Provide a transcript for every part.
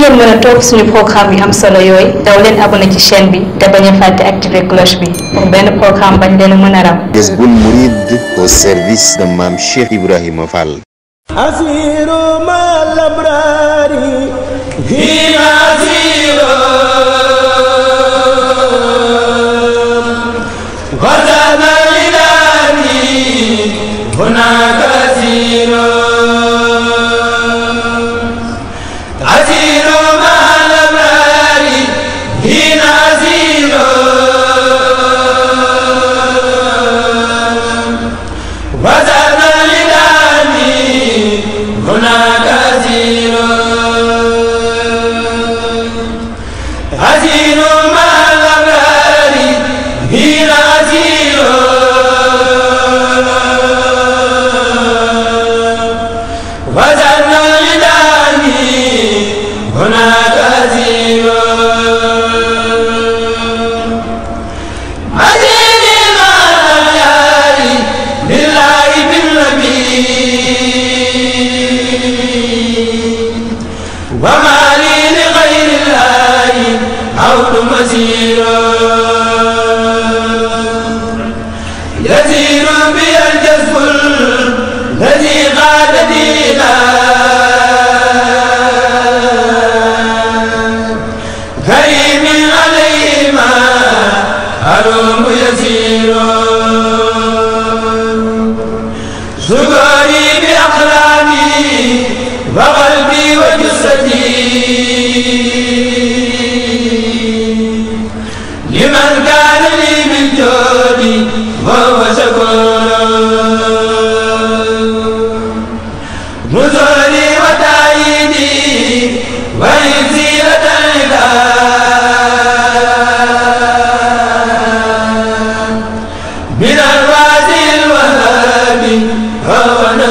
ngeen mën a topp suñu programme yu am solo yooyu daw leen abonné ci chaîne bi te bañ a activer cloche bi benn programme bañ leen a mën a ram. Jazboul Mouride au service de Mame Cheikh Ibrahima Fall. هزيل مع الأبرار هنا هزيل وزن العدام هناك هزيل وما الكريم عليهما هروم يسير زهري بأحلامي وقلبي وجسدي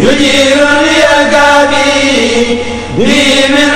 يجير اليقابي بي من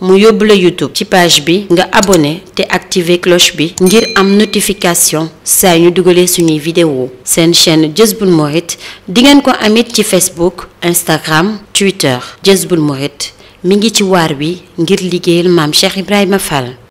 mu YouTube ci page bi nga abonné te activer cloche bi ngir am notification saa ñu dugalee une vidéo une chaîne ko amit ci Facebook Instagram Twitter Jazboul Mouride mi ngi ci ngir mam Cheikh Ibrahima Fall.